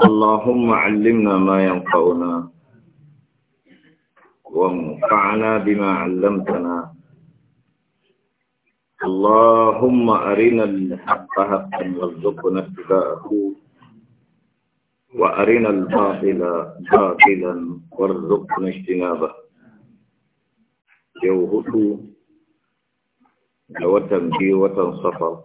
اللهم علمنا ما ينفعنا وانفعنا بما علمتنا اللهم أرنا الحق حقا وارزقنا اتباعه وأرنا الباطل باطلا وارزقنا اجتنابه جوهته جوة بي وتن صفر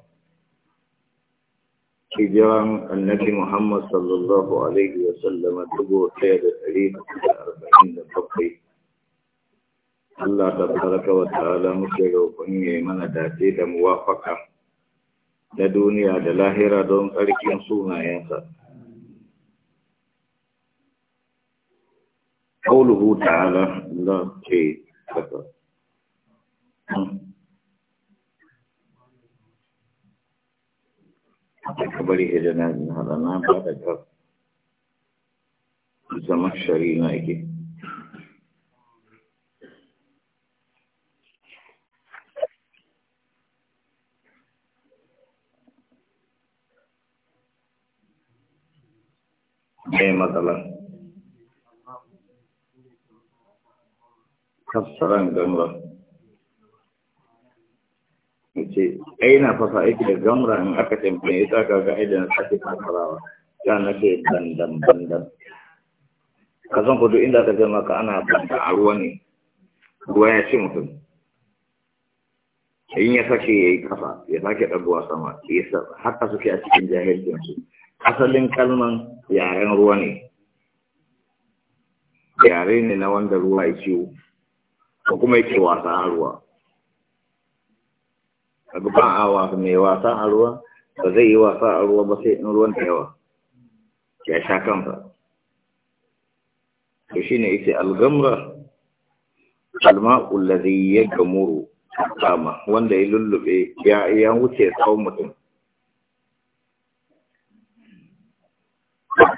hijiran annabi Muhammad sallallahu Alaihi wasallama dubu ɗaya da ɗari da arba'in da bakwai. Allah ta baraka wa ta'ala muke roƙon ya mana dace da muwafaka na duniya da lahira don tsarkin sunayensa. Kauluhu ka bari hijira na hada na ba da gar zama shari na ke. Me matsalar tafsirin gangan ce ai na fasa aiki da gamra in aka tambaye ya tsaka ga aidan sake fasarawa ya na ce dandan dandan ka san kudu inda ka zama ka ana banda a ruwa ne ruwa ya ci mutum in ya sake ya yi kafa ya sake ɗaguwa sama haka suke a cikin jahilcinsu asalin kalman yaren ruwa ne yare ne na wanda ruwa ya ciwo ko kuma yake wasa a ruwa kaga ba a wasa mai wasa a ruwa ba zai yi wasa a ruwa ba sai in ruwan da yawa ya sha kansa to ne ita al-gamra al-ma'u kama wanda ya lullube ya ya wuce tsawon mutum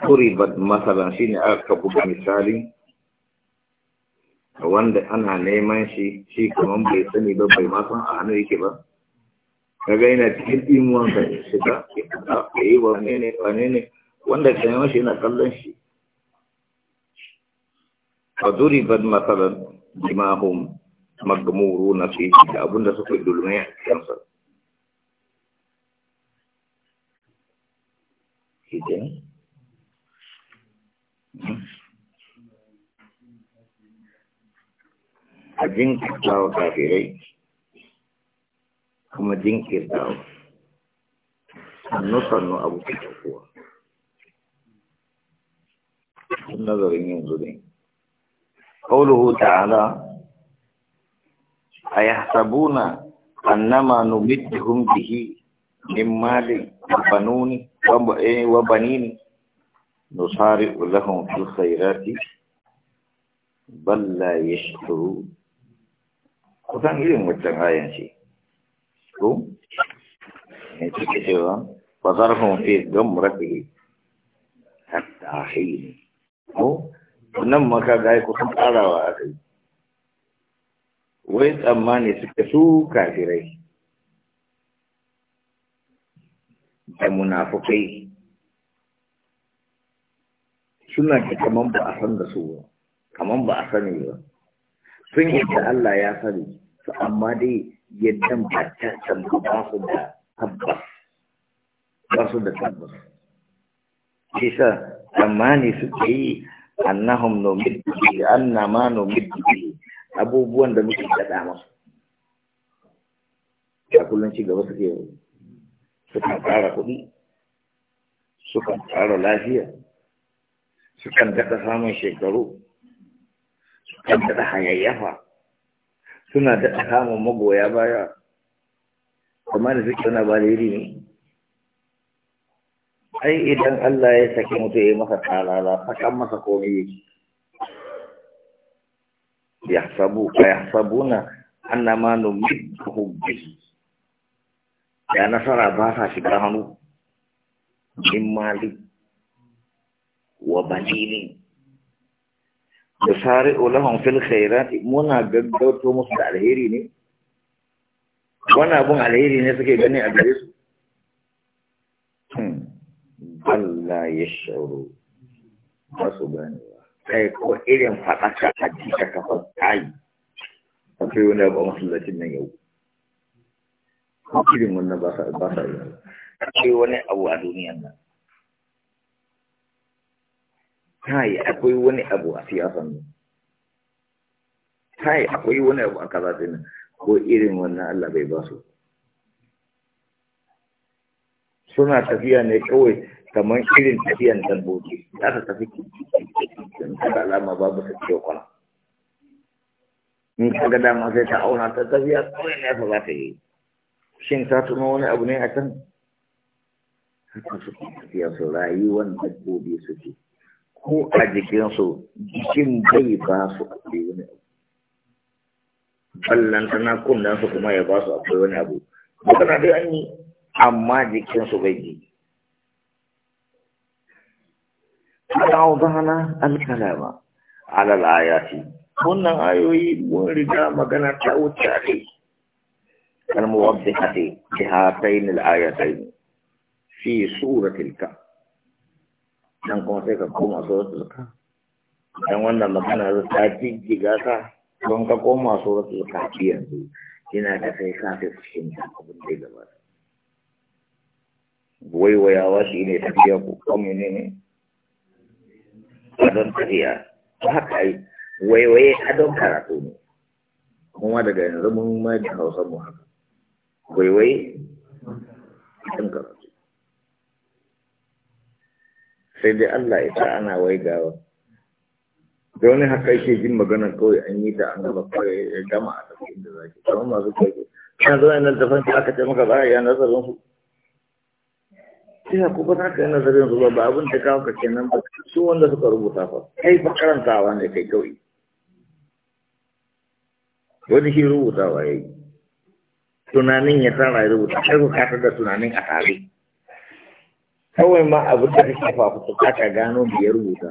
turibat masalan shine aka buga misali wanda ana neman shi shi kamar bai sani ba bai ma a hannu yake ba kaga yana cikin ɗimuwan ka shiga a kai wane ne wane ne wanda ka yi shi na kallon shi a zuri ban matsalar jimahun magamuru na su da abinda suka yi dulmai a kansa Hidden. Ajin kakawa kafirai kuma jinkirtawa sannu-sannu abu ke tafiya sun nazarin yanzu ne ƙauluhu ta'ala a yi sabuna, annama numittihun bihi min malin banuni wa eh, banini nusari ulahun fil khairati balla shuru, kusan irin wancan ayan ce ko ne fi hatta ko nan maka ga ku sun wai tsammani su kafirai da munafukai suna kaman ba a san ba sani ba sun yi da Allah ya sani amma dai yadda ba ta sallu ba su da tabbas ba su da tabbas shi sa tsammani suke yi annahum no nomid bihi annama nomid bihi abubuwan da muke daɗa masu a kullum ci gaba suke sukan tsara kuɗi sukan tsara lafiya sukan daɗa samun shekaru sukan daɗa hayayyafa suna da samun magoya baya kuma da suke na baliri ne ai idan Allah ya saki mutu ya masa talala sakan masa komai yake ya sabu ya sabuna annama numidhu bi ya nasara ba sa shiga hannu in mali wa banini da sare lahum fil khairati muna gaggauto musu da alheri ne wani abun alheri ne suke gani a gare su Allah ya shauru Masu gani ba kai ko irin faɗaka a jika kafar kai a kai wani abu a masallacin nan yau irin wannan ba sa yi kai wani abu a duniyan nan kai akwai wani abu a siyasan nan kai akwai wani abu a kaza din ko irin wannan Allah bai ba su suna tafiya ne kawai kamar irin tafiyan dabbobi za ta tafi in ta da alama babu ta ce kwana in ka ga dama sai ta auna ta tafiya kawai ne fa za ta yi shin ta tuno wani abu ne a can haka suke tafiya su rayuwan dabbobi suke ko a jikinsu jikin bai ba su akwai wani abu ballan tana kunnan su kuma ya basu su akwai wani abu magana dai an yi amma jikinsu bai ji ta zana alkalama alal ayati wannan ayoyi mun riga magana ta wuce a kai kalmar wabda hatai jihatai nil ayatai fi suratil kam nan kuma sai ka koma suratul ka dan wannan magana zai ta jijjiga ka don ka koma suratul ki yanzu yana da sai ka fi fahimta abin da ya wai, waiwayawa shi ne tafiya ko kome ne ne don tafiya ta haka yi waiwaye don karatu ne kuma daga yanzu mun mai da hausa mu haka waiwaye adon karatu sai dai Allah ya sa ana waigawa da wani haka yake jin magana kawai an yi ta an gaba kawai ya gama a tafi inda za ki kamar masu kwaiko kan zuwa yana da fanki aka ce maka za a yi nazarin su sai ku ba za ka yi nazarin su ba ba abin da kawo ka kenan ba su wanda suka rubuta fa kai fa karantawa ne kai kawai wani shi rubutawa ya yi tunanin ya tara ya rubuta kai ku katar da tunanin a tare kawai ma abin da kake fafuta aka gano me ya rubuta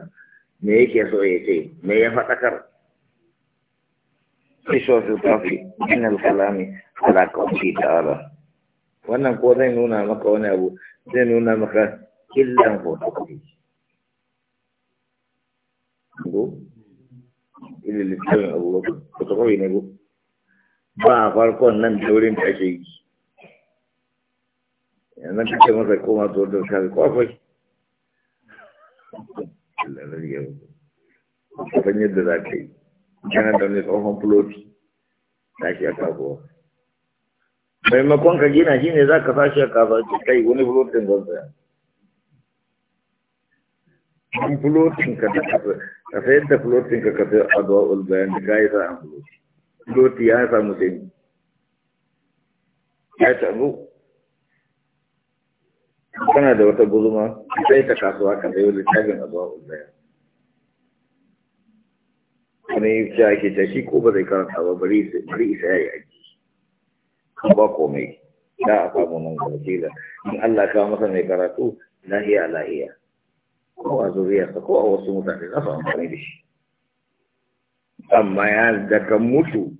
me yake so ya ce me ya faɗakar Kisho su kafi, inal kalami, ala kawfi ta'ala. Wannan ko zai nuna maka wani abu, zai nuna maka killan fotokofi. Go? Ilil littafin abu, fotokofi ne go? Ba farkon nan da wurin da yi. yanzu kake masa koma to da ka ko akwai Allah ya rage mu yadda za ka yi kana da wani tsohon fuloti za ki aka Mai makon ka gina shi ne za ka sashi a kafaci kai wani fulotin zan tsaya an fulotin ka da ka sayar da fulotin ka ka sayar adwa ulbayan da kayi sa an fuloti fuloti ya samu sai ya tabu kana da wata guzuma sai ta kasuwa ka sayo littafin azuwa uzaya wani ya ake ta shi ko ba zai karanta ba bari isa ya yi aiki ba komai ya a samu nan ga gwamnatila in Allah ka masa mai karatu lahiya lahiya ko a zuriyarsa ko a wasu mutane za su amfani da shi amma ya daga mutu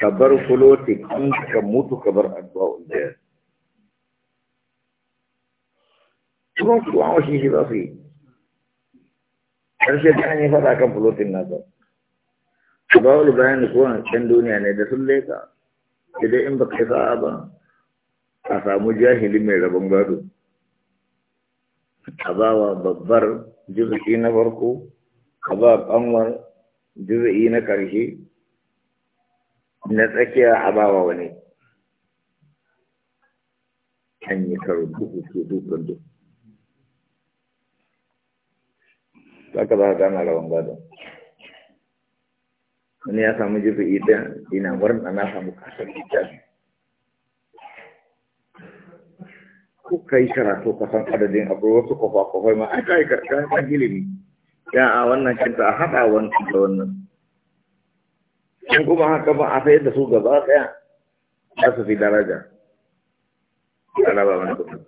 ka bar fulotin ka mutu ka bar azuwa uzaya turon kuwa wa shi shi za su yi ƙarshe ta an yi fata kan fulotin nasa a bawul bayan kowane can duniya ne da sun leka idan in ba kai sa'a ba a samu jahili mai rabon gado a ba babbar juzuki na farko a ba ƙanwar juzuki na ƙarshe na tsakiya a ba wa wani an yi karo duhu ke dukan za ka za ka ana rawan gado wani ya samu jibi idan ina wurin ana samu kasar littafi ko ka karatu kasan san adadin abu wasu kofa kofai ma karatu yi gili ni. ya a wannan cinta a haɗa wancan da wannan in kuma haka ba a ya da su gaba ɗaya za su fi daraja alaba wani kuɗi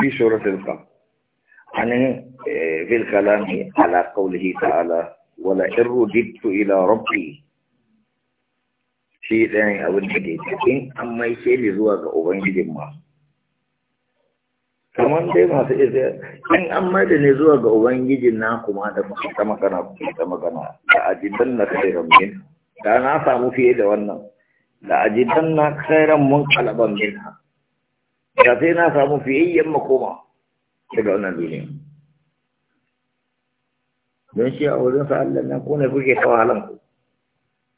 fi shoratin ka عن في الكلام على قوله تعالى ولئن رددت إلى ربي shi ne abin da ke cikin an mai sheli zuwa ga ubangijin ma kamar dai masu isa in an mai da ne zuwa ga ubangijin na kuma da masu ta magana kuma ta magana da ajidan na kairan min da na samu fiye da wannan da ajidan na kairan mun kalaban min da sai na samu fiye fiyayyen makoma daga wannan duniya don shi a wurin sa Allah nan ko ne kuke kawo halan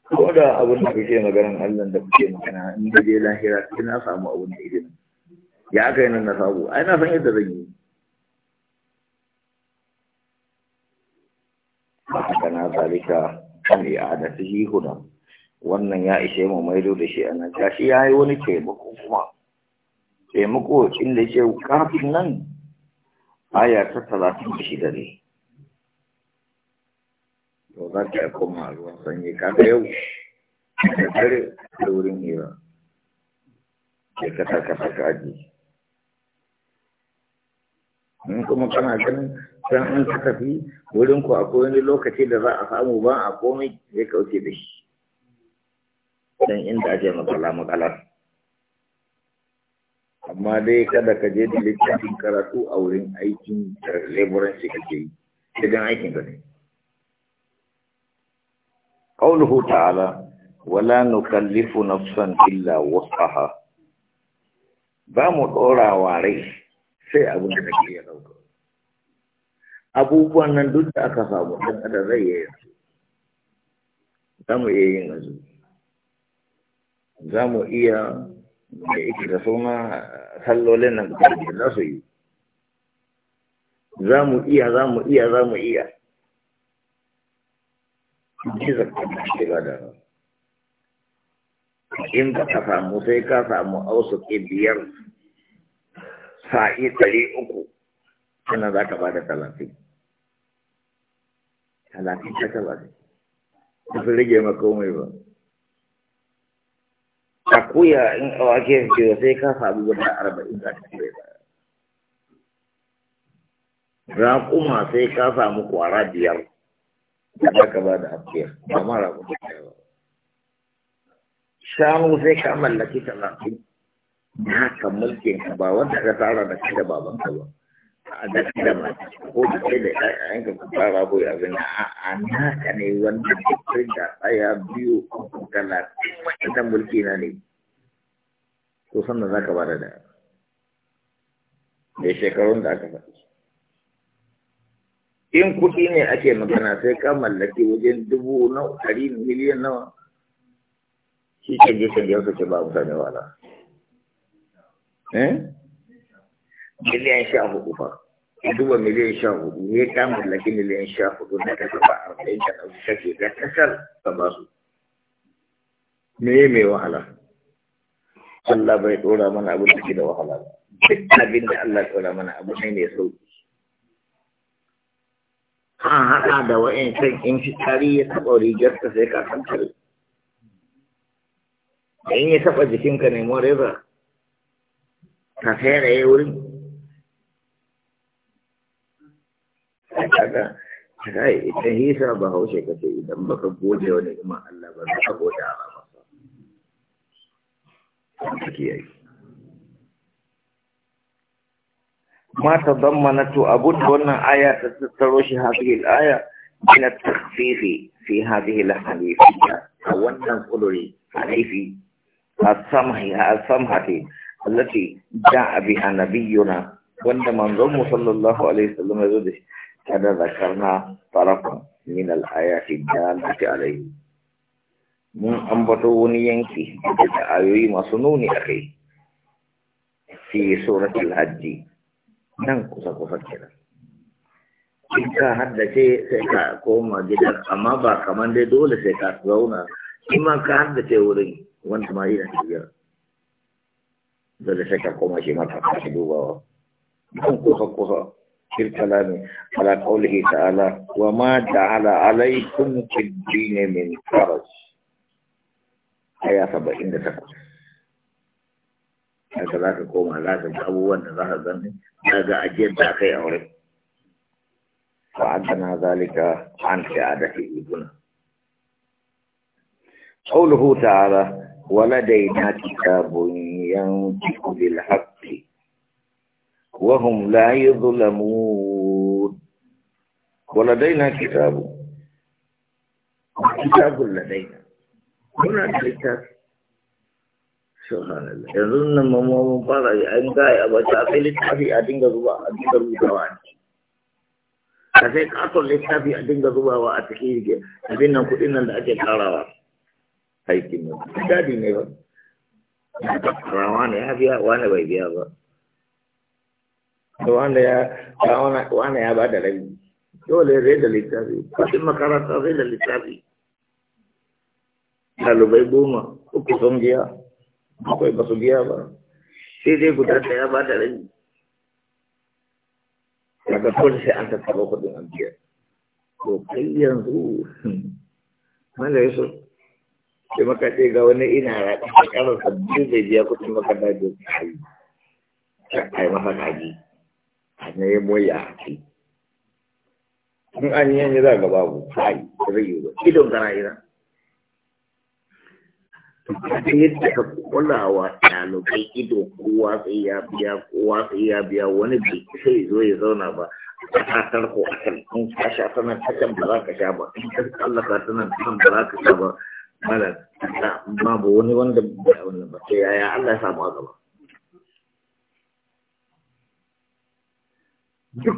ku ko da abin da kuke maganan Allah da kuke magana in da je lahira kina samu abin da irin ya aka yi nan na sabu ai na san yadda zan yi kana zalika kan i'adatihi huna wannan ya ishe mu maido da shi anan ya yayi wani taimako kuma taimako inda yake kafin nan aya ta talatin da shida ne to za ka koma ruwan sanyi kaga yau da dare da wurin hira ke kasa kasa ka aji in kuma kana ganin san an ka tafi wurin ku akwai wani lokaci da za a samu ba a komai zai kauce da shi dan inda ake makala makalar amma dai kada ka je da littafin karatu a wurin aikin shi kake yi idan aikin ka ne ta'ala wala nukallifu nafsan illa wusaha ba mu dora ware sai abin da kake ya ɗauka abubuwan nan duk da aka samu dan adam zai yi yanzu za mu iya yin azu za mu iya da yake da su ma sallolin nan da za su yi za mu iya za mu iya za mu iya jiza kuma shiga da in ba ka samu sai ka samu ausu ke biyar sa'i ɗari uku sannan za ka ba da talatin talatin ta talatin ba su rage makomai ba akuya in a wake cewa sai ka sabu guda arba'in za ka cire ba raƙuma sai ka samu kwara biyar da aka ba da akuyar ba ma kuma ɗaya ba shanu sai ka mallaki talatin da haka mulkin ka ba wanda ka tara da shi da babanka ba a dafi dama mata ko da kai da ƴaƴanka ku fara ko ya zina a naka ne wanda ke kirga tsaya biyu uku talatin wa'inda mulki na ne to sannan za ka bada da da shekarun da aka faɗi in kuɗi ne ake magana sai ka mallaki wajen dubu na ɗari miliyan nawa shi canje canje wasu ce ba mutane wala eh miliyan sha hudu fa هو مليون شهر وهي تعمل لكن مليون شهر دون هذا سبعة أربعين شهر أو شهر لا تسأل تبص مي مي وحلا الله بيت ولا من أبو سيد وحلا بنت الله ولا من أبو سيد يسوع ها ها هذا وين سك إن شتاري يسوع ريجر تسيك أصلا شل إني سبعة جسم كنيمور إذا تسير أيه ولي هذا الله ما تضمنت أبد بنا آية تتروشي هذه الآية من التخفيف في هذه الحليفية أولا قدري حليفي السمحة التي جاء بها نبينا صلى الله عليه وسلم قد alai, طرفا من الآيات الدالة عليه من أنبتوني ينكي أيوي مصنوني أخي في سورة الحج kusa كفكرا in ka haddace sai ka koma gidan amma ba kamar dai dole sai ka zauna in ma ka haddace wurin wanda ma yana shigar dole sai ka koma shi mata ka dubawa kusa kusa في الكلام على قوله تعالى وما جعل عليكم في الدين من حرج أي أصاب عند تقص هذا لا تقوم على لازم أبوا تظهر ذنب هذا أجد داخل أولي فعدنا ذلك عن سعادة ابننا قوله تعالى ولدينا كتاب ينطق بالحق وهم لا يظلمون ولدينا كتاب كتاب لدينا هنا الكتاب سبحان الله يظن ممو مبارا ان جاء ابو جعفر الكافي ادين غزوا ادين غزوا sai katon littafi a dinga zubawa a cikin rike abin nan kudin nan da ake karawa aikin nan dadi ne ba karawa ne ya biya wani bai biya ba da wanda ya wanda ya ba da rabi dole zai da littafi makaranta rai da littafi ɗalibai goma uku sun biya akwai ba su biya ba sai dai guda da ya ba da rabi daga kawai sai an tattaba kudin an biya to kai yanzu wanda ya so sai maka ga wani ina raɗa a zai biya kudin makaranta da kai masa kaji a nemo a fi kun an yi yanzu za ga babu hai zai yi ba idon kana ira ta yadda ka kula wa ɗalibai ido kowa sai ya biya kowa sai ya biya wani bai sai zo ya zauna ba a tasar ko a kan in ka sha sanar ta can ba za ka sha ba in ka ka sanar ta can ba za ka sha ba malam ba wani wanda ba wannan ba sai yaya Allah ya samu a gaba duk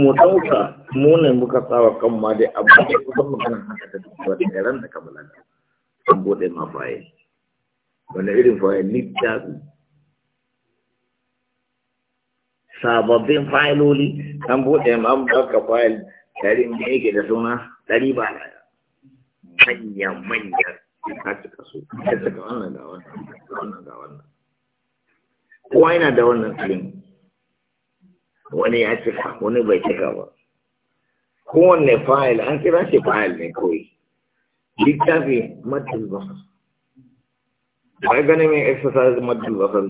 mu ɗauka mu ne muka tsawa kan ma dai abu da kusan magana haka da duk wani garan da ka balaga an bude ma faye Wanda irin faye littafi sababbin fayiloli an bude ma an baka fayil ɗari da yake da suna ɗari ba da manya manya ka cika su ka cika wannan ga wannan ga wannan kowa yana da wannan ilimin wani ya cika wani bai cika ba kowanne fayil an kira shi fayil ne kawai littafi maddul basar ba gane mai exercise maddul basar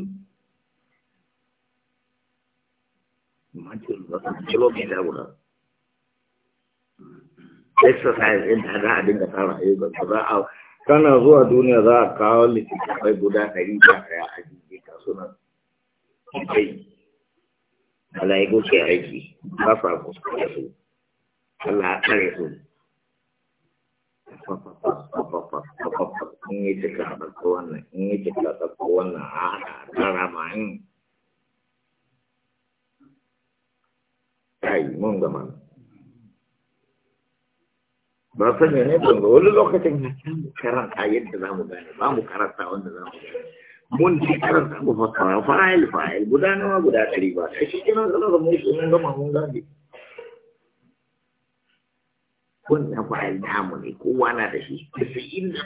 maddul basar kilomita guda exercise ɗin da za a dinga tsara ayyukan za a kana zuwa duniya za a kawo littattafai guda ɗari ba ɗaya a jirgin kasuwa kai malaiku ke aiki ba sa kuskure su Allah ya kare su in yi cika ɗauko wannan in yi cika ɗauko wannan a tara ma in kai mun gama ba sanya ne ban wani lokacin karanta yadda za mu gane ba mu karanta wanda za mu gane mun ci karanta mu fassara fa'il fa'il guda nawa guda ɗari ba sai shi kiran zama mun sunan mun gama mun kun wannan fa'il mu ne ko wana da shi in da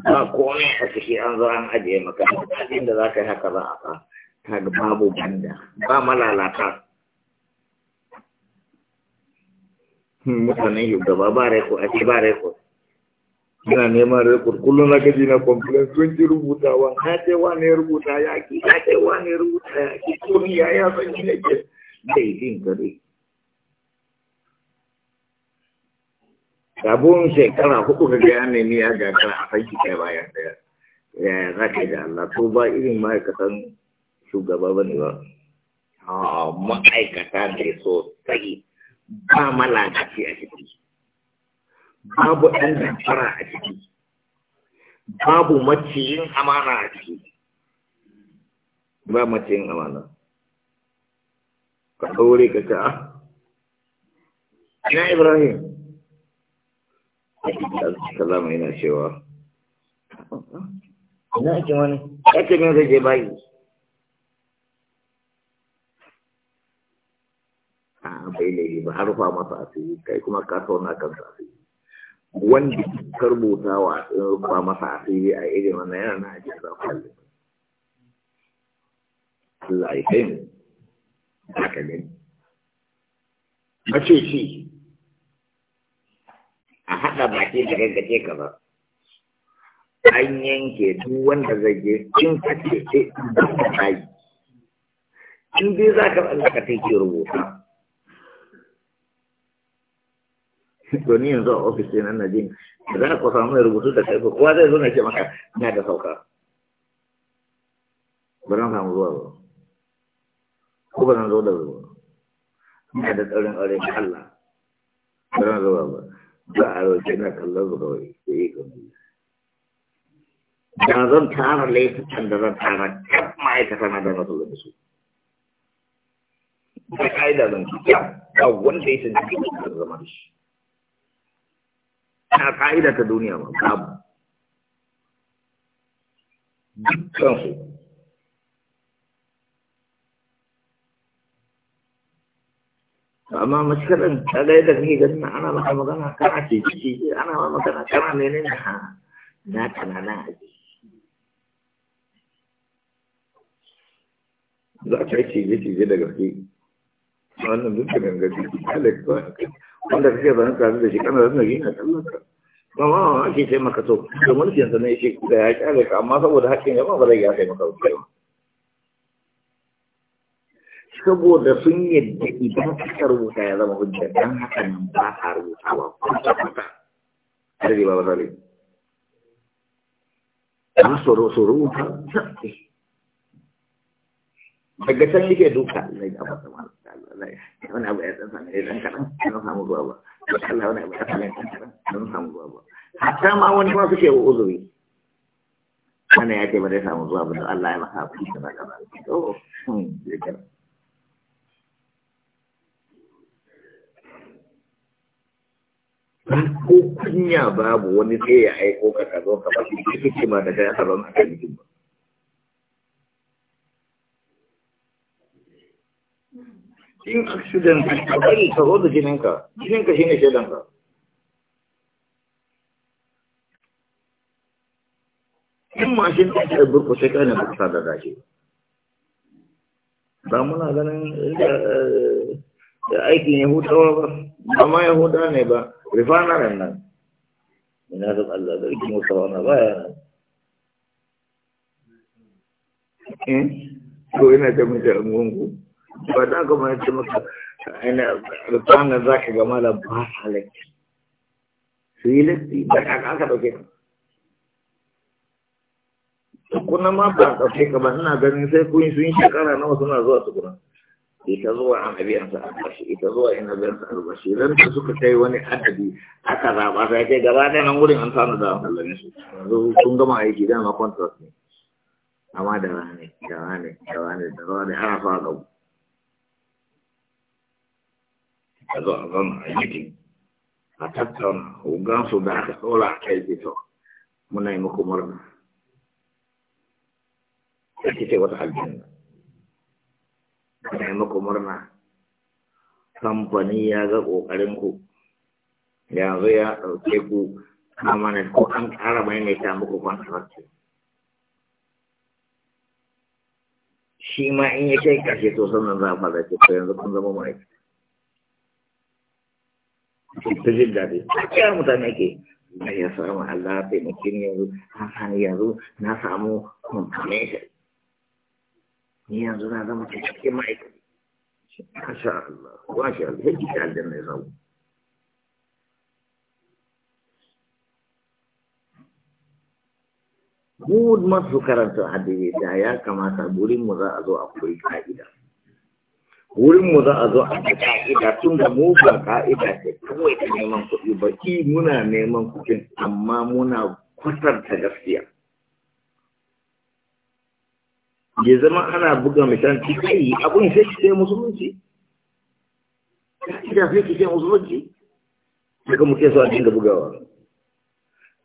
tara ba ne a ciki an zo an ajiye maka inda da za ka yi haka za a sa ta babu banda ba malalata hmm, mutanen yugaba ba reko a ce ba reko ina neman rekod kullum na gaji na complain sun ji rubutawa ya ce wa ne rubuta ya ki ya ce wa ne rubuta ya ki to ya ya san shi ne ke din gare sabon shekara hudu ka gaya ne ni ya gagara a san shi kai bayan daya ya za ka da Allah to ba irin ma'aikatan shugaba ba ne ba a ah, ma'aikata ne sosai ba malakaci a ciki babu ɗan damfara a ciki babu maciyin amana a ciki ba maciyin amana ka ɗaure ka ta ah, ina ibrahim salama yana cewa ina ake wani ya ce min zai je bayi a bai laifi ba harfa masa asiri kai kuma ka sauna kansa asiri wanda ka rubuta wa ba eh, masa asiri a irin wannan yana na ajiyar da kwallo Allah ya kai haka gani mace shi a haɗa baki da gaggace ka ba an yanke duk wanda zai je cin kacce ce eh, ba ta yi in dai za ka ka take rubuta to ni yanzu a ofis ɗin nan jin za ku samu rubutu da kai kowa zai zo na ce maka Ina da sauka ba zan samu zuwa ba ko ba zan zo da zuwa ina da tsarin aure da Allah ba zan zuwa ba ba a roƙe na kallon zuwa wai da yi da zan tara laifukan da zan tara kan ma'aikata na da masu da su da zan ci kyau wanda ya san cikin zama da shi a ka'ida ta duniya ba babu dukkansu amma mashirin kaga yadda kake ganin ana maka magana kana ce ciki ana ma magana kana mene ne ha na kana nan aji za ka yi cije cije da gaske wannan duk da ganga jiki kala ba wanda kake zan tare da shi kana zan yi na kallon ka ba ma ake sai maka to da mulkin sa ne shi da ya kare ka amma saboda hakkin jama'a ba zai ya sai maka ba saboda sun yadda idan aka rubuta ya zama hujja dan haka nan ba a rubutawa kwata kuma har ba ba zalimi. Masu rubuta, daga can yake duka zai ga wani abu ya ne dan kaɗan don samu ruwa ba wani abu ya ne don samu ruwa ba hatta ma wani ma suke uzuri ya ce ba zai samu ruwa ba Allah ya maka ba ba to kira hmm, ko kunya babu wani sai ya aiko ka ka zo ka ba shi kike ma da ka zo ka ba in accident ka bari ka zo da jininka jininka shi ne shaidanka in mashin ɗin ka burko sai kai ne ba da dace ba muna ganin eh, eh, aiki aikin yahudawa ba ba ma yahuda ne ba rifanar nan ina da Allah da rikin musawa na baya nan Ko eh? ina ta mutu a ba da ga mai ce maka ina rubanan za ka gama da ba sa su yi lakci da kaka aka dauke. ka tukuna ma ba a ɗauke ka ba ina ganin sai kun sun shekara nawa suna zuwa tukuna ita zuwa annabiyansa albashi ita zuwa annabiyansa albashi ran ta suka kai wani adadi aka zaba sai ce gaba ɗaya nan gurin an samu da sallame su yanzu sun gama aiki dama contract ne amma da rane da rane da rane da rane ana fara gabu a zo a zauna a yi a tattauna gansu da aka tsola a kai fito muna yi muku murna ake ce wata aljanna muna yi muku murna kamfani ya ga ƙoƙarinku yanzu ya dauke ku amana ko an ƙara ta muku kwantarwacin shi ma in ya kai kashe to sannan za a fara ce to yanzu kun zama ma'aikata ta jin daɗi ya mutane ke na ya samu Allah taimakin yanzu an sani yanzu na samu confirmation ni yanzu na zama cikin ma'aikaci masha Allah masha Allah yake da aljanna ya samu mu masu karanta hadisi da ya kamata burin mu za a zo a koyi ka'ida wurin mu za a zo a ga ka'ida tun da mu ba ka'ida ce kawai ta neman kuɗi ba ki muna neman kuɗin amma muna kwatanta gaskiya ya zama ana buga ki kai abun sai ki sai musulunci ka'ida sai ki sai musulunci daga muke so a dinga bugawa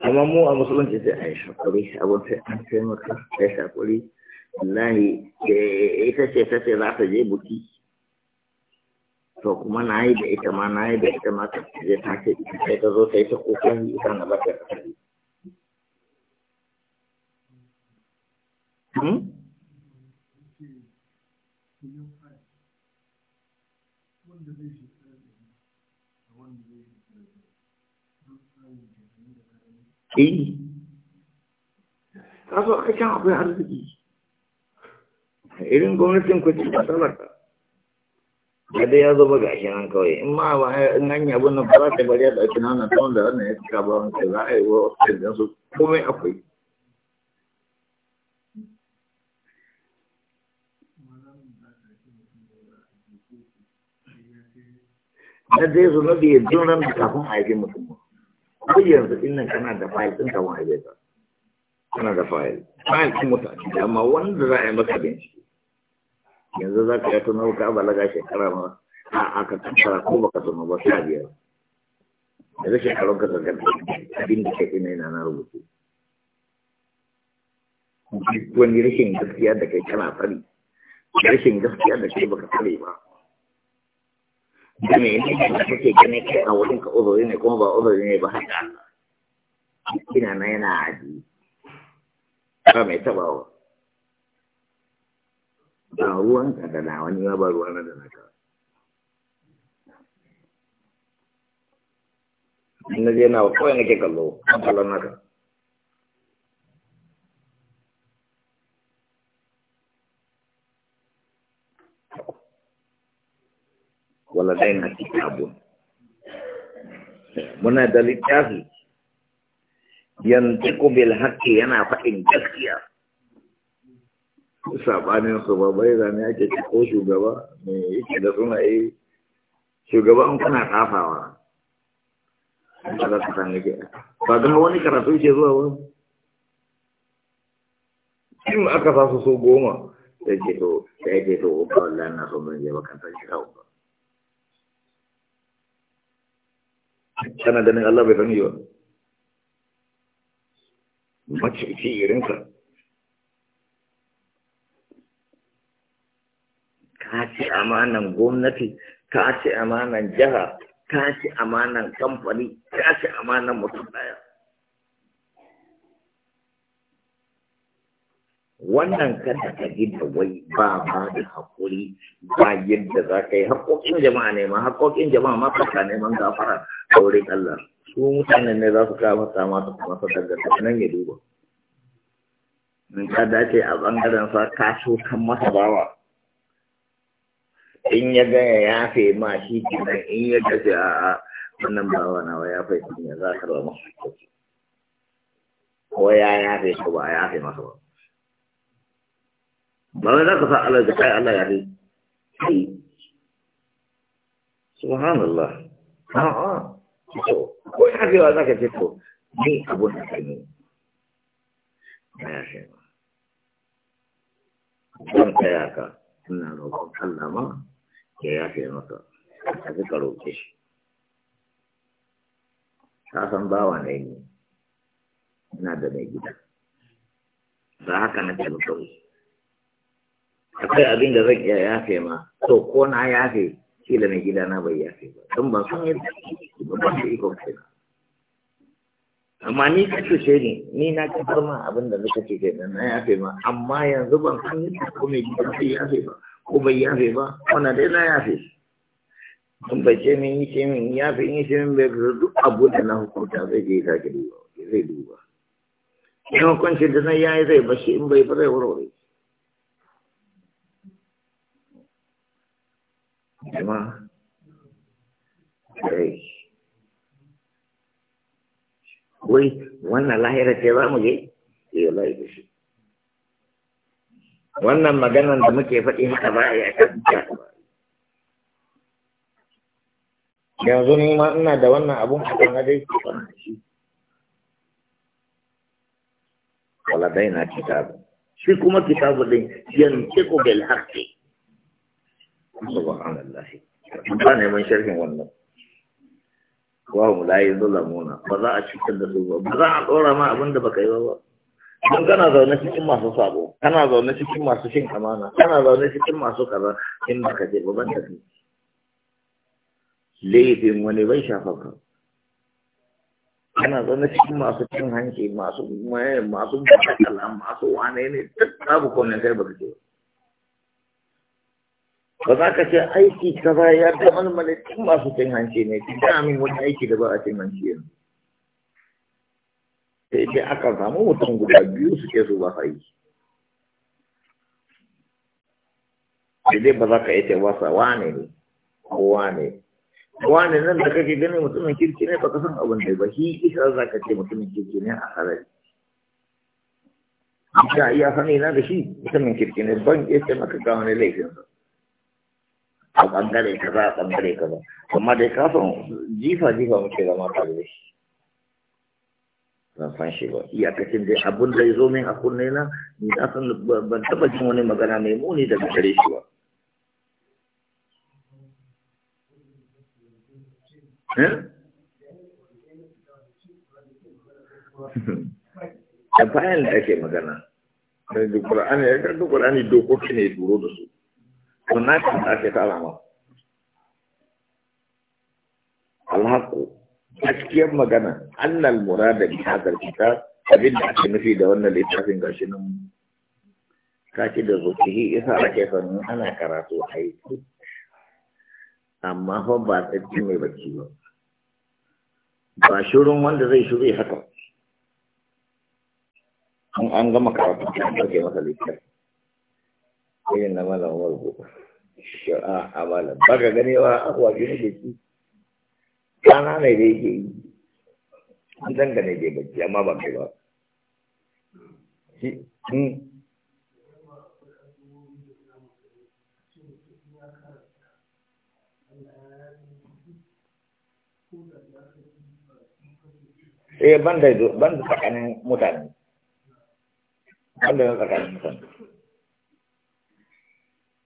amma mu a musulunci sai a yi shakuri a sai an taimaka a yi shakuri wallahi eh, ita ce ta ce za ta je buki to kuma na yi da ita ma na yi da ita ma ta je ta ce sai ta zo ta yi ta kokari ita na bata ta kare hmm? Eh, kaso a can akwai arziki, irin gwamnatin kwacin matsalar da dai ya zuba shi nan kawai in ma ba in an yi abin nan ba za ta bari ya ɗauki nan nan tsawon da wannan ya cika ba wani za a yi wa ofisar da su komai akwai. na dai su na biyu jin ran da kafin a yi mutum ko yanzu in nan kana da fayil ɗin kafin a haife ka kana da fayil fayil a cikin amma wanda za a yi maka bincike yanzu za ka yi tuno ka balaga shekara ma a aka tattara ko baka tuno ba sha biyar yanzu shekarun ka zaga abin da kai ne na rubutu wani rashin gaskiya da kai kana fari rashin gaskiya da kai baka fari ba da ne da kake gane kai a wurin ka uzuri ne kuma ba uzuri ne ba haka ina na yana aji ba mai tabawa ba ruwanka da nawa ni ba ruwana da naka na je nawa kawai nake kallo an kallon naka wala dai na kitabun muna da littafi yantiku bil haqqi yana faɗin gaskiya saɓanin su ba bai zane ake ci ko shugaba mai yake da suna yi shugaba an kana kafawa ba za ka sami ke ba ga wani karatu ke zuwa ba in aka sa su so goma da ke to da ya ke to ba wallahi na so ban je ba kan san shi kawo ba kana ganin Allah bai sani ba mace ce irinka ka ci amanan gwamnati ka ci amanan jiha ka ci amanan kamfani ka ci amanan mutum daya wannan kada ka ji da wai ba ba da haƙuri ba yadda za ka yi haƙoƙin jama'a ne ma haƙoƙin jama'a ma fasa neman gafara a wurin Allah su mutanen ne za su ma su kuma su danganta nan ya duba in ka dace a ɓangaren sa ka so kan masa bawa in ya ga ya yafe ma shi kenan in ya ga a a wannan bawa nawa ya fai shi za ka ba ko ya yafe ko ba ya yafe masa ba ba za ka sa Allah da kai Allah ya fi subhanallah a'a to ko ya fi wa za ka ce to ni abun da kai ne na yafe ma zan kaya ka ina roƙon Allah ma ya yafe maka a suka roƙe shi ka san bawa na yi ina da mai gida ba haka na tabi kawai akwai abin da zan iya yafe ma to ko na yafe kila mai gida na bai yafe ba don ban san yadda ba ba su ikon kaina amma ni ka cuce ni ni na kafar ma abin da nake ce kenan na yafe ma amma yanzu ban san yadda ko mai gida ya yafe ba ko bai yafe ba wannan dai na yafe in bai ce min yi ce min yafe in yi ce min bai ga duk abu da na hukunta zai je sake duba zai duba in hukunci da na yayi zai bashi in bai ba zai warware jama'a eh. wai wannan lahira ce za mu je? ya eh, lahira wannan maganan da muke faɗi haka ba a kasance a kan yanzu ni ma ina da wannan abun a kan dai su kan shi wala dai na kitabu shi kuma kitabu din yantiku bil haqqi subhanallah ba ne mun sharhin wannan wa mu la yuzlamuna ba za a cikin da su ba Ba za a tsora ma abin da baka yi ba don kana zaune cikin masu sabo kana zaune cikin masu shin amana kana zaune cikin masu kaza in baka je ba ban tafi laifin wani bai shafa ka kana zaune cikin masu cin hanci masu mai masu bakala masu wane ne duk babu ne kai baka je ba za ka ce aiki kaza ya ta wani cikin masu cin hanci ne ki ga min wani aiki da ba a cin hanci yanzu sai dai aka samu mutum guda biyu suke su ba sa yi sai dai ba za ka ita wasa wane ne kowa ne wane nan da kake gani mutumin kirki ne baka san abin da ba shi isa za ka ce mutumin kirki ne a sarari Ita iya sani na da shi mutumin kirki ne ban iya ce maka ga wani laifinsa a ɓangare kaza a ɓangare kaza amma dai kafin jifa jifa muke zama tare da shi ban san shi ba iyakacin dai abun da ya zo min a kunne na da san ban taba jin wani magana mai muni daga gare shi ba eh? da bayan da ke magana da Qur'ani ya ga Qur'ani dokoki ne duro da su to na kan ake ta alama ku. gaskiyar magana annal murada bi hadal kitab abin da ake nufi da wannan littafin gashi nan kaci da zuciyi isa ake sanin ana karatu ai amma fa ba tsaki mai bacci ba ba shirin wanda zai shiru ya haka an an gama karatu da ke masa littafi irin na malam wargo a malam ba ka ganewa akwai ne da shi rana ne da yake yi an dangane da amma ba kai ba hmm. Eh ban da ban da tsakanin mutane. Ban da tsakanin mutane.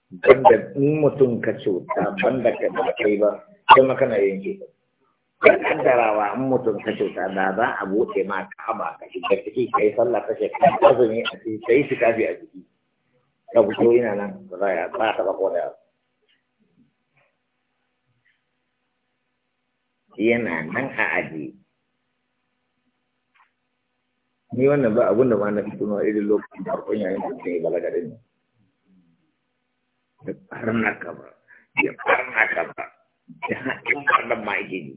Ban da in mutum ka cuta ban da ka kai ba, sai makana kai kaddarawa in mutum ka ta da za a buɗe ma kama, ka shiga ciki kai sallah ka ce kai azumi a ciki kai shi kafi a ciki ka fito ina nan ba za a ba ta ba ko da yana nan a aji ni wannan ba abun da ma na fito na irin lokacin farkon yayin da ke balaga din da farnaka ba ya farnaka ba da hakin wannan ma yake ne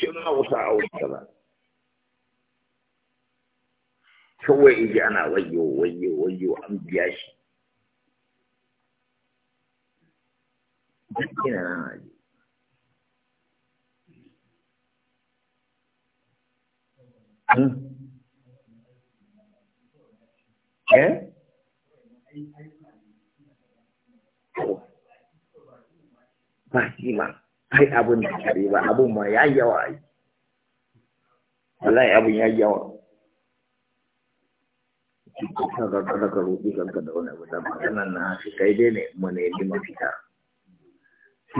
suna hausa a wuta ba kawai ana wayo wayo shi ina ai abun da kare ba abun ma ya yawa ai wallahi abun ya yawa ka ga kada ka roƙi kanka da wani abu da ba maganan na shi kai dai ne mu ne bi mafita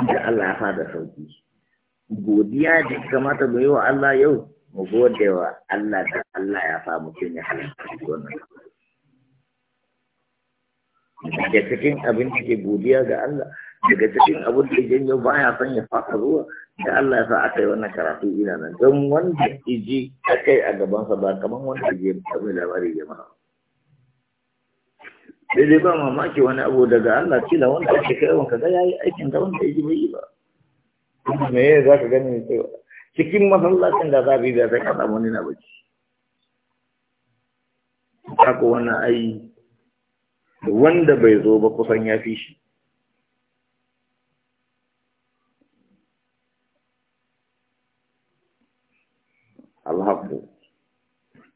da Allah ya fada sauki godiya da kamata mu yi wa Allah yau mu gode wa Allah da Allah ya fa mu cin halin wannan da cikin abin da ke godiya ga Allah daga cikin abin da janyo baya son ya fasa ruwa da Allah ya sa aka yi wannan karatu ina nan don wanda iji aka yi a gabansa ba kamar wanda ya kamar labari jama'a daidai ba mamaki wani abu daga Allah kila wanda ake kai wanka ga yayi aikin da wanda iji bai yi ba me ya za ka gani ne cewa cikin masallacin da za ka yi da ta ka samu wani na bacci haka wannan ai wanda bai zo ba kusan ya fi shi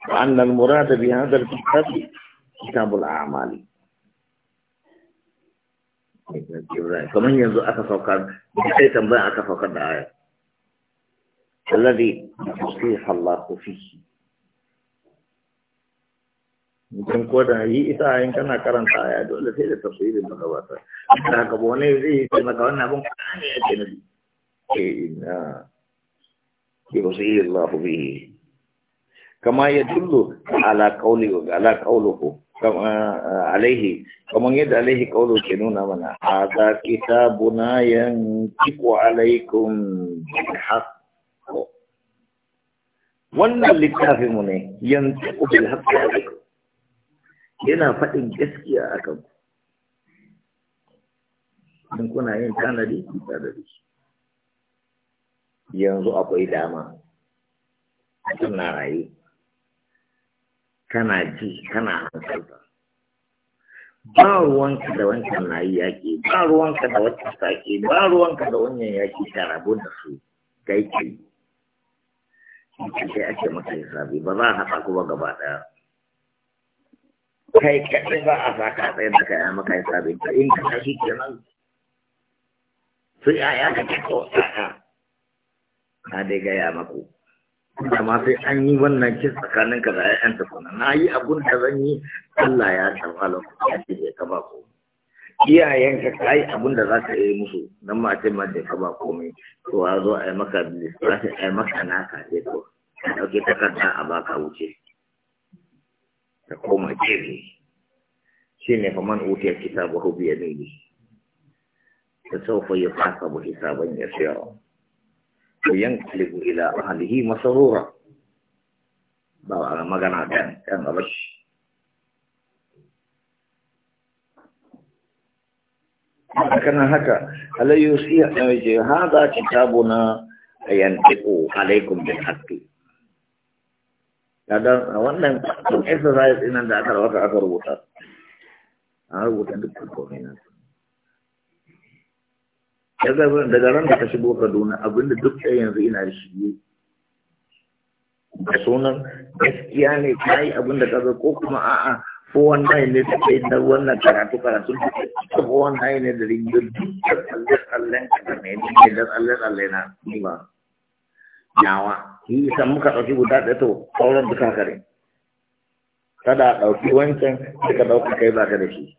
وأن المراد بهذا الكتاب كتاب الأعمال كمان ينزل أتفقد بحيث ما أتفقد آية الذي يصلح الله فيه mutum ko da yi ita a yin kana karanta aya dole sai da tafsirin magabata da haka ba wani zai yi taimaka wannan abin kwanani a ce na ke ina ke wasu iya Allah bihi kama ya dulu ala kauli ala qawluhu eh, alaihi kamar yadda alaihi kaulu ke nuna mana ada kitabuna tiku alaikum ko. wannan littafin mu ne yantiqu bil haqq alaikum yana faɗin gaskiya akan ku in kuna yin tanadi ku tanadi yanzu akwai dama mutum kana ji kana hankalta ba ruwanka da wancan na yi yaƙi ba ruwanka da wancan sake ba ruwanka da wannan yaƙi ka rabu da su kai ke sai ake maka hisabi ba za a haɗa ku ba gaba ɗaya kai kaɗai ba a saka tsaye da kai maka hisabi ka in ka tashi kenan su yaya ka ce ko Ka na dai gaya maku da ma sai an yi wannan kin tsakanin ka da ƴaƴan ta kuma na yi abun da zan yi Allah ya karɓa lokaci ya ce ka ba ko iyayen ka kai abun da zaka yi musu dan ma ce ma da ka ba komai to a zo ai maka lissafi ai maka naka ce to dauke takarda a baka wuce ta koma kiri shi ne wuce gefe shine faman utiya kitabahu bi yadihi فسوف يحاسب حسابا يسيرا yang kalib ila ahlihi masrura bahwa ala maganakan kan Allah Karena haka ala yusia nawiji hada kitabuna ayan tiku alaikum bin hati. Ada awan da exercise ini anda akan waktu akan rubutan. Rubutan itu berkomunikasi. daga ran da ka shigo kaduna abinda duk da yanzu ina da shi da sunan gaskiya ne ka yi abinda ka ga ko kuma a'a ko wannan ne ta kai da wannan karatu karatu ko wannan ne da rinjo da Allah Allah ka ne ne da Allah Allah na ni ba yawa yi san muka dauki guda da to sauran duka kare kada dauki wancan ka ɗauka kai ba ka da shi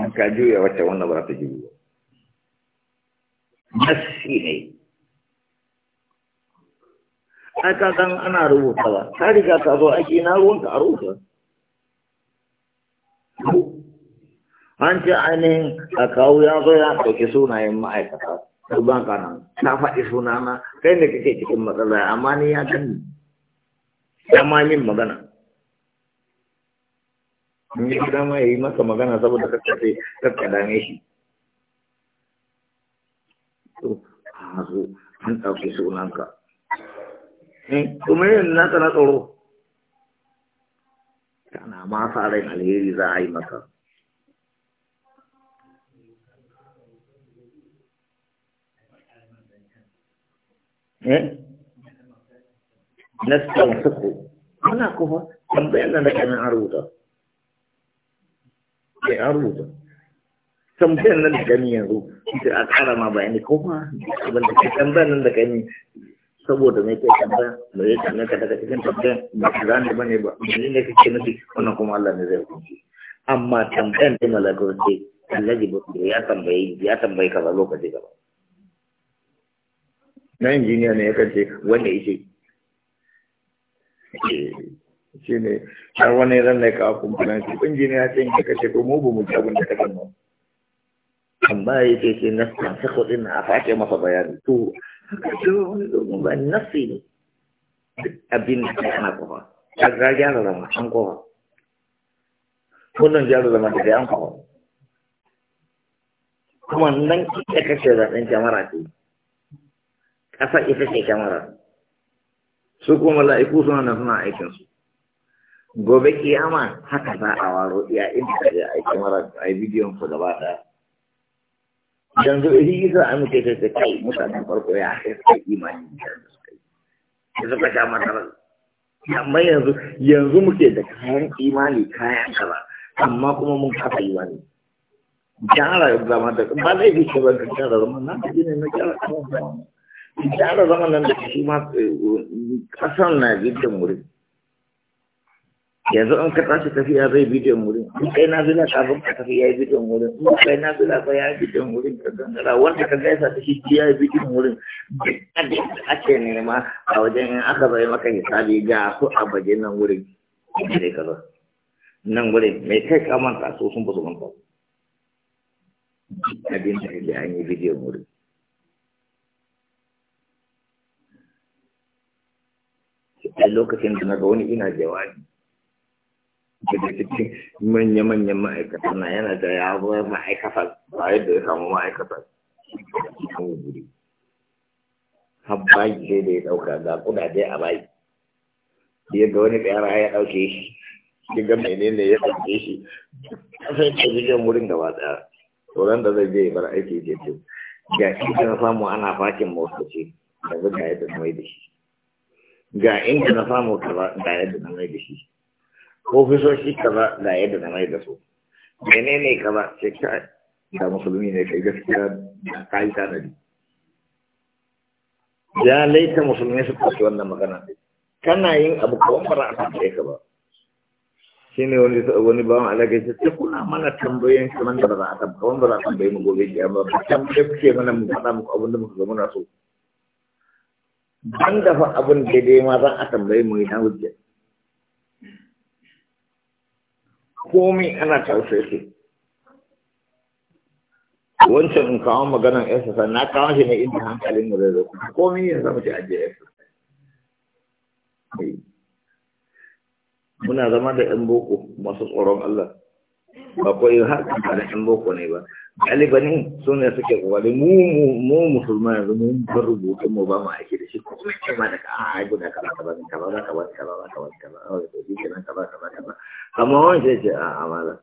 in ka juya wacce wannan ba ta juya nassi ne ai ka san ana rubutawa ka riga ka zo ake na ruwanka a rubuta an ce ainihin a kawo ya zo ya ɗauki sunayen ma'aikata ba ka nan ta faɗi sunana kai ne kake cikin matsala amma ni ya gani ya ma min magana in yi dama ya yi masa magana saboda kakkace kakka dame shi to a zo an ɗauke sunanka kuma eh, yin naka na tsoro kana ma sa rai alheri za a yi maka eh? na tsawon suku ana kuma tambayar da kanin a rubuta sai an rubuta tambayar nan da gani yanzu ita a kara ma bayani ko ma abin da ke tambayar nan da gani saboda mai ke tambaya da ya tambaya ka daga cikin tambayar ba ka gane ba ne ba mene ne kake nufi wannan kuma Allah ne zai hukunci amma tambayar da malakar sai Alhaji Bakuru ya tambayi ya tambayi kaza lokaci gaba na injiniya ne ya kace wanda yake shi ne har wani ran ne ka kumfanan shi injiniya ce ka kashe ko mu ba mu ji abin da ka nan. amma ya ce ce na sa kuɗin na a face masa bayani to haka ce wani domin ba nasi ne abin da ya ana kowa. ta ga gyara zama an kowa. wannan gyara zama da ya an kowa. kuma nan ita kashe zaɓen jama'a ce ƙasa ita ce jama'a su kuma mala'iku suna na suna aikinsu gobe kiyama haka za a waro iya inda ka je a yi kamar a yi bidiyon ku gaba ɗaya yanzu iri isa a muke ta ta kai mutanen farko ya haɗe su imani da suka yi da suka sha masarar amma yanzu yanzu muke da kayan imani kayan kaza amma kuma mun kafa imani gyara zama da ba zai fi shi ba ka gyara zama na ta gina na gyara zama gyara zama nan da shi ma eh, ƙasar na gidan wurin yanzu an ka tashi tafiya zai bidiyon wurin in kai na zula kafin ka tafi ya yi bidiyon wurin in kai na zula ba ya yi bidiyon wurin ka gangara wanda ka gaisa ta shi ya yi bidiyon wurin duk abin da ake nema a wajen in aka bai maka hisabi ga su a baje nan wurin ka kaza nan wurin mai kai ka manta so sun ba su manta abin da an yi bidiyon wurin a lokacin da na ga wani ina jawabi daga cikin manya-manyan ma'aikatan na yana da ya zo ma'aikatan ba yadda ya samu ma'aikatan cikin wuri habbaji sai da ya ɗauka ga kudaje a bayi yadda wani tsara ya ɗauke shi shiga menene ya ɗauke shi sai ta jirgin wurin gaba ɗaya tsoron da zai je bar aiki je ce ga inda na samu ana fakin motsa motoci yanzu ga yadda na mai da shi ga inda na samu kaza ga yadda na mai da shi ofisoshi kaza ga yadda na mai da su menene kaza ce ka da musulmi ne kai gaskiya da kai tanadi ya laita musulmi su ɗauki wannan magana kana yin abu kawai bara a kai ka ba shi ne wani wani bawan alaƙa ce ta kuna mana tambayoyin kamar da ba za a tabbata ba za a tambayi mu gobe ki amma ba tambaye kuke mana mu faɗa muku abin da muka zama na so ban dafa abin daidai ma za a tambayi mu ina hujjar komai ana taushe su wancan in kawo maganan SSR na kawo shi ne inda hankalin mu zai zo komai yanzu zama shi ajiye SSR muna zama da 'yan boko masu tsoron Allah ba ko yi har kan da ɗan boko ne ba ɗalibani su ne suke ƙwari mu mu musulman yanzu mun bar rubutu mu ba mu aiki da shi ko kuma ce ma da a haibu da kaba kaba kaba ba kaba kaba ba kaba kaba a kaba sosi kaba nan kaba kaba kaba amma wani sai ce a amala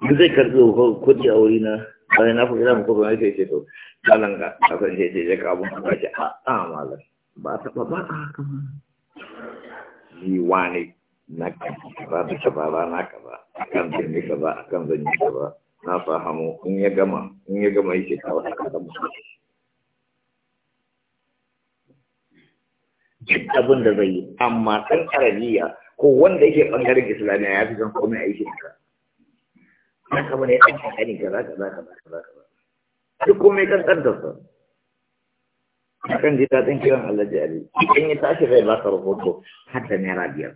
duk zai karɓi kuɗi a wuri na bayan na fi gida kuma ya ce to kalan a san ce ce ya ka abun ka a amala ba ta ba ba a haka ma ni wani na kaba da kaba ba na kaba akan zan yi kaza akan zan yi kaza na fahamu in ya gama in ya gama yake kawo aka da musu duk abin da zai yi amma ɗan arabiya ko wanda yake ɓangaren islamiya ya fi son komai a yake ka na kama ne ɗan ƙanƙani kaza kaza kaza kaza kaza duk komai ƙanƙantar sa kan ji daɗin kiran Allah jari in ya tashi zai baka rahoto har da naira biyar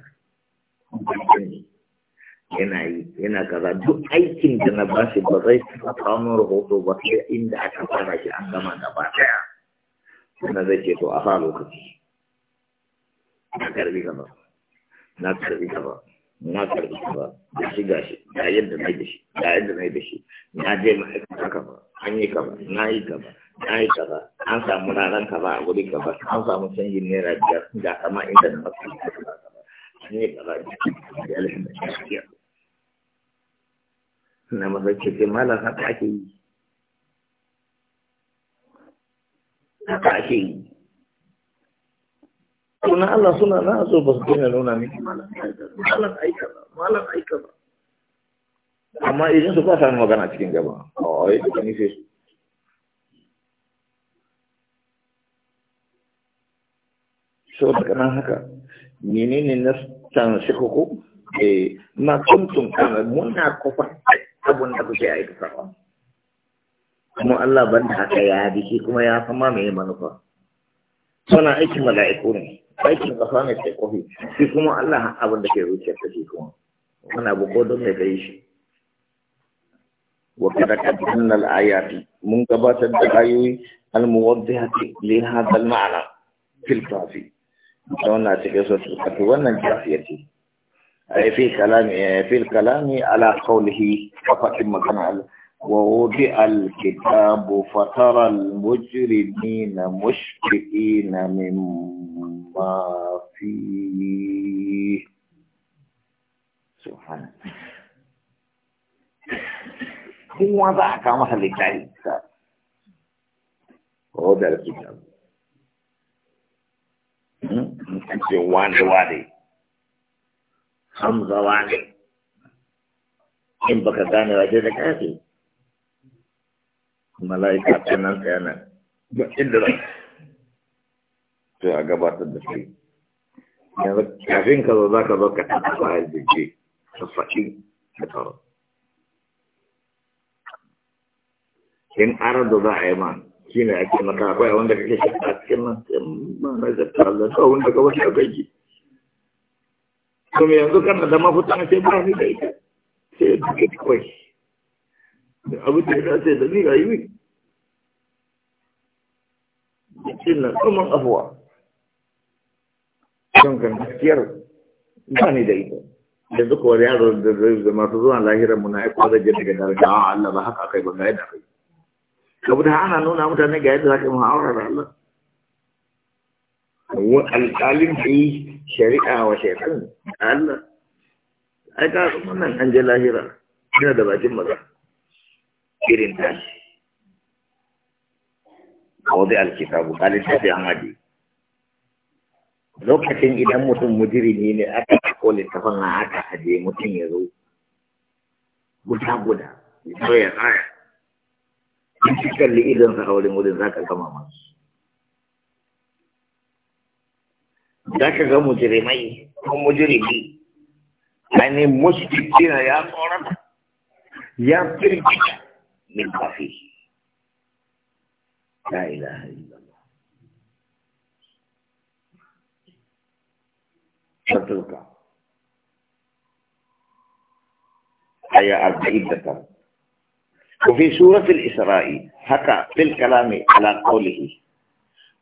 yana yi yana kaza duk aikin da na ba shi ba zai samu rahoto ba sai inda aka fara shi an gama gaba daya na zai ce to a fa lokaci na karbi gaba na karbi gaba na karbi gaba da shi ga shi ga yadda na yi shi ga yadda na yi da shi na je ma'aikata kaba an yi kaba na yi kaba na yi gaba an samu ranar kaba a guri kaba an samu canjin naira biyar ga kama inda na masu gaba an yi kaba da alhamdulillah na mazarci ce malar haka ake yi haka ake yi suna Allah suna na zo ba su gina nuna miki malar aika ba malar aika ba amma idan su ba sa magana cikin gaba a yi da nufe su so da nan haka menene na tansi ko eh ma kuntun kana muna kofar abun da kuke aikatawa kuma Allah ban da haka ya bi shi kuma ya san ma me manufa suna aikin mala'iku ne aikin kasa ne sai kofi shi kuma Allah abin da ke zuciya ta shi kuma wannan abu ko don me kai shi wa kada ka tunna al mun gabatar da ayoyi al-muwaddihati li hadha al-ma'na fil kafi da wannan cikin sosai wannan kafiyar ce في كلام في الكلام على قوله فقد مكان ووضع الكتاب فترى المجرمين مشفقين مما فيه سبحان الله هو وضع كما لكي وضع الكتاب وانت وادي hamza wane in baka gane waje da kafi mala'ika ta nan ta ba inda rai to a gabatar da shi yanzu kafin ka zo za ka zo ka tafi bayan jirgi ta faɗi da tsaro in arar da za a yi ma shi ne ake maka akwai wanda kake shi a cikin nan sai ma na zata Allah ta wanda ka wasu a gaji kuma yanzu kana da mafuta ce ba ni da ita sai duka kawai da abu da ya ce da ni rayuwa cikin na kuma abuwa don kan gaskiyar ba ni da ita yanzu kuwa yaro da zai zama su zuwa lahirar muna aiko da jirgin daga daraja ah, Allah ba haka akai ba ga yadda akai saboda ana nuna mutane ga yadda za ka yi muhawara da Allah alƙalin da yi shari'a wa shaitan Allah ai ka nan an je lahira ina da bakin maza irin tashi a wadai alkitabu kalin ta fi haɗe lokacin idan mutum mujirimi ne aka ko littafin na aka haje mutum ya zo guda guda ya zo ya tsaya in cikin li'idansa a wurin wurin za ka gama masu za ka ga mujirimai ko mujirimi ainihin mushrikin ya tsorata ya firgita min kafi la ilaha illallah satulka aya arba'in da tara وفي سورة الإسراء حكى بالكلام على قوله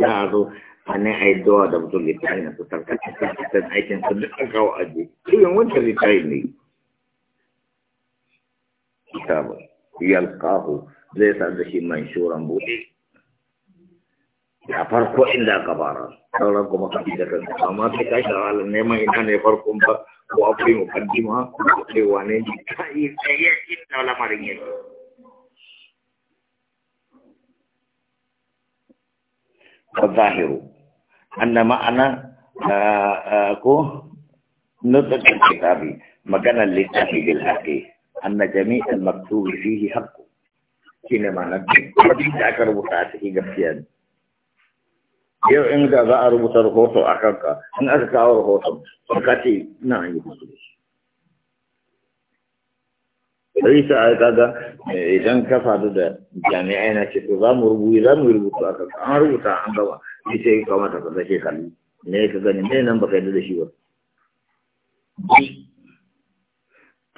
za a zo a nan a yi dawa da mutum littafi na su tarkace tarkacen aikin su duk an kawo aji irin wancan littafi ne kitabu kahu zai sa da shi man manshuran buɗe ya farko inda ka fara sauran kuma ka fi da kanka amma sai ka shi halar neman ina ne farkon ba ko akwai mukaddima ko akwai wane ne ka yi tsaye inda lamarin yake والظاهر أن معنى أكو نطق الكتاب مكان للتحقيق الحقي أن جميع المكتوب فيه حق شنو معنى da aka rubuta a cikin gaskiya ne yau in da za a rubuta rahoto a kanka in aka kawo rahoton ka ce na an yi musu da shi Risa a kaga eh, idan ka faru da jami'ai na ce to za mu rubuta za mu rubuta aka an rubuta an gaba ni ce ka mata ka sake kalli ne ka gani ne nan baka yadda da shi ba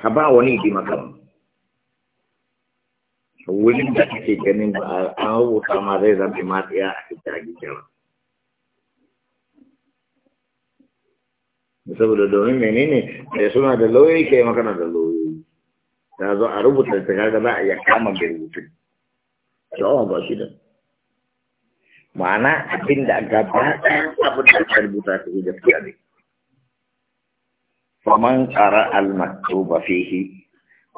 ka ba wani ki maka wurin da ake ganin ba an rubuta ma zai zama ma tsaya a cikin gidan saboda domin menene da eh, suna da lauyoyi kai makana da lauyoyi ta zo a rubuta ta kaga za a iya kama mai rubutun shawon ba shi da ma'ana abinda da gaba ɗayan abin da aka rubuta ta yi gaskiya ne faman ƙara al-maktuba fihi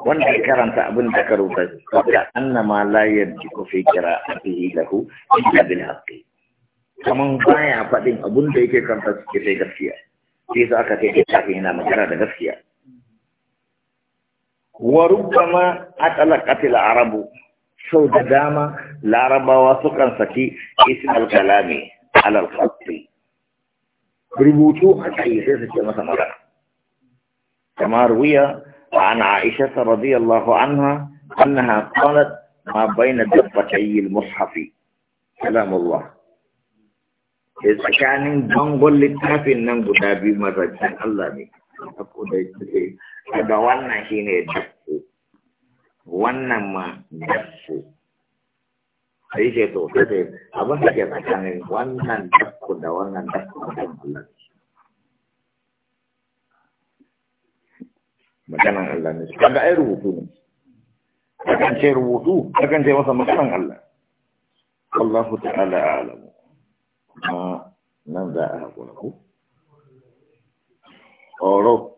wanda ya karanta abin da ka rubuta wanda annama la yarjiku fi qira'atihi lahu illa bil haske. kaman baya faɗin abin da yake karanta sai gaskiya sai za ka ce ta yana magana da gaskiya وربما أطلقت العرب شو دداما العرب وثقا سكي اسم الكلام على الخط ربوتو حتى كما سمعنا كما روي عن عائشة رضي الله عنها أنها قالت ما بين دفتي المصحف كلام الله إذا كان دنقل للتافي ننقل بما رجل الله ne a kodai daga wannan shine dafu wannan ma dafu sai ce to sai abin da ke tsakanin wannan dafu da wannan dafu da Allah maganan Allah ne kaga ai rubutu ne ce rubutu ce masa maganan Allah Allah ta'ala a'lamu nan za a ku oro